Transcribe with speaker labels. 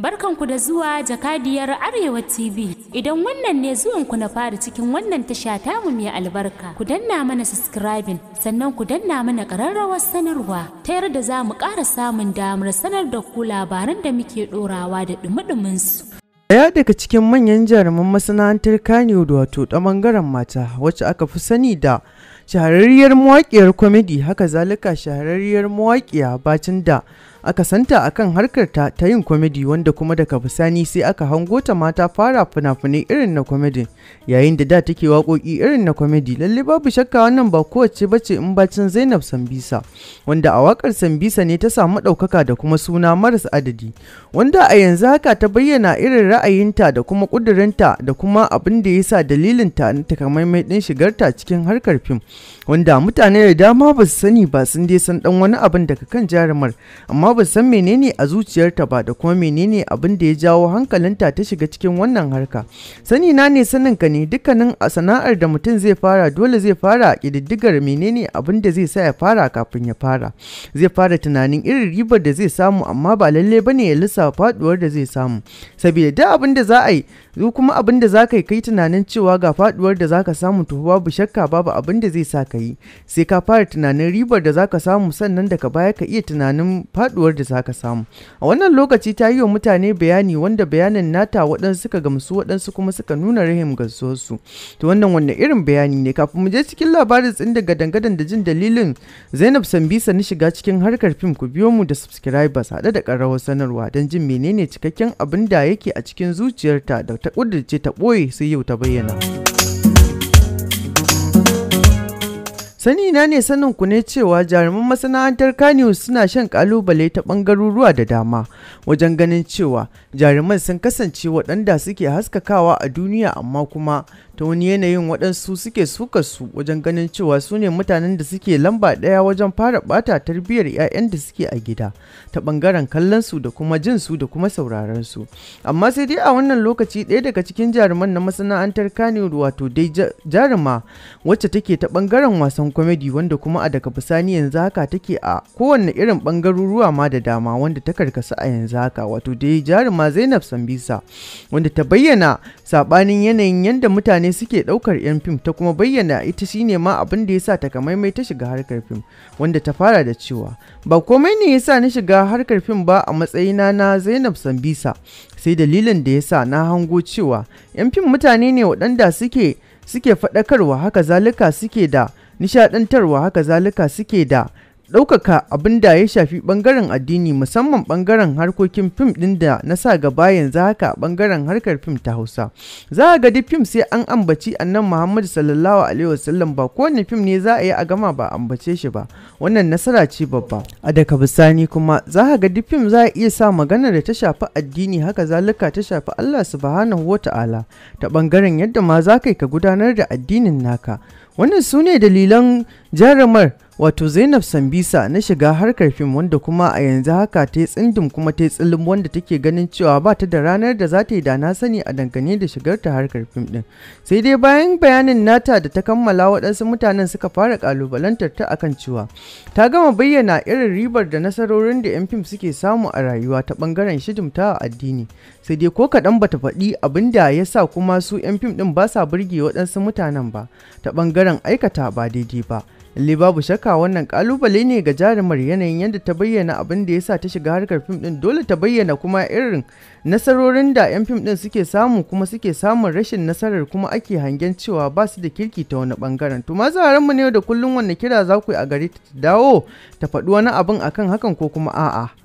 Speaker 1: Barkanku da zuwa jakadiyar Arewa TV. Idan wannan ne zuwanku na fara cikin wannan tasha tamu mai albarka, ku danna mana subscribing sannan ku danna mana ƙararrawar sanarwa ta yarda za mu ƙara samun damar sanar da ku labaran da muke ɗorawa da ɗumi su. Daya daga cikin manyan jaruman masana'antar Kano wato ta ɓangaren mata wacce aka fi sani da shahararriyar mawaƙiyar kwamidi haka zalika shahararriyar mawaƙiya bacin da aka santa akan harkar ta yin kwamedi wanda kuma daga bisani sai aka hango ta mata fara fina-finai irin na komedi yayin da da take waƙoƙi irin na komedi lalle babu shakka wannan ba kowace bace in bacin Zainab Sambisa wanda a wakar Sambisa ne ta samu ɗaukaka da kuma suna maras adadi wanda a yanzu haka ta bayyana irin ra'ayinta da kuma ƙudurinta da kuma abin da ya sa dalilin ta takamaimai ɗin shigarta cikin harkar fim wanda mutane da dama ba su sani ba sun dai san ɗan wani abin daga kan jarumar amma ba san menene a zuciyarta ba da kuma menene abin da ya jawo hankalinta ta shiga cikin wannan harka sani na ne sanin ka ne dukkanin a sana'ar da mutum zai fara dole zai fara kididdigar menene abin da zai sa ya fara kafin ya fara zai fara tunanin irin ribar da zai samu amma ba lalle ne ya lissafa faduwar da zai samu saboda duk abin da za a yi kuma abin da za ka yi kai tunanin cewa ga faduwar da za ka samu to babu shakka babu abin da zai sa ka yi sai ka fara tunanin ribar da za ka samu sannan daga baya ka iya tunanin faduwar faduwar da zaka samu a wannan lokaci ta yi wa mutane bayani wanda bayanin nata waɗansu suka gamsu waɗansu kuma suka nuna rahim gamsuwarsu to wannan wannan irin bayani ne kafin mu je cikin labarin tsin daga dangadan da jin dalilin zainab sambisa na shiga cikin harkar fim ku biyo mu da subscribers haɗe da ƙararrawar sanarwa don jin menene cikakken abin da yake a cikin zuciyarta da ta ƙudurce ta ɓoye sai yau ta bayyana. Sani na ne sanin ku ne cewa jaruman masana'antar Kanius suna shan kalubale ta bangaruruwa da dama wajen ganin cewa jaruman sun kasance waɗanda suke haskakawa a duniya amma kuma ta wani yanayin waɗansu suke suka su wajen ganin cewa su ne mutanen da suke lamba ɗaya wajen fara ɓata tarbiyyar 'ya'yan da suke a gida ta ɓangaren kallon su da kuma jin su da kuma sauraron su amma sai dai a wannan lokaci ɗaya daga cikin jaruman na masana'antar kanewood wato dai jaruma wacce take ta ɓangaren wasan kwamedi wanda kuma a daga bisani yanzu haka take a kowanne irin ɓangaruruwa ma da dama wanda ta karkasa a yanzu haka wato dai jaruma zainab sambisa wanda ta bayyana saɓanin yanayin yadda mutane ne suke ɗaukar 'yan fim ta kuma bayyana ita shine ma abin da yasa sa takamaimai ta shiga harkar fim wanda ta fara da cewa ba komai ne yasa sa na shiga harkar fim ba a matsayina na zainab sambisa sai dalilin da yasa na hango cewa 'yan fim mutane ne waɗanda suke suke faɗakarwa haka zalika suke da nishaɗantarwa haka zalika suke da ɗaukaka abin da ya shafi ɓangaren addini musamman ɓangaren harkokin fim ɗin da na sa gaba yanzu haka ɓangaren harkar fim ta hausa za a ga duk fim sai an ambaci annan muhammadu sallallahu alaihi wasallam ba kowane fim ne za a yi a gama ba ambace shi ba wannan nasara ce babba a daga bisani kuma za a ga duk fim za a iya sa magana da ta shafi addini haka zalika ta shafi allah subhanahu wata'ala ta'ala ta ɓangaren yadda ma za ka gudanar da addinin naka wannan su ne dalilan jarumar wato zainab sambisa na shiga harkar fim wanda kuma a yanzu haka ta yi tsindim kuma ta yi tsillim wanda take ganin cewa ba ta da ranar da za ta yi da na sani a dangane da shigar ta harkar fim din sai dai bayan bayanin nata da ta kammala waɗansu mutanen suka fara kalubalantar ta akan cewa ta gama bayyana irin ribar da nasarorin da yan fim suke samu a rayuwa ta bangaren shidimta a addini sai dai ko kaɗan bata faɗi abin da ya sa kuma su yan fim din ba sa burge waɗansu mutanen ba ta bangaren aikata ba daidai ba li babu shakka wannan kalubale ne ga jarumar yanayin yadda ta bayyana abin da ya sa ta shiga harkar fim din dole ta bayyana kuma irin nasarorin da 'yan fim din suke samu kuma suke samun rashin nasarar kuma ake hangen cewa ba su da kirki ta wani bangaren. To mazaran mu ne da kullum wanne kira za ku yi a gari ta dawo ta faɗi wani abin akan hakan ko kuma a'a.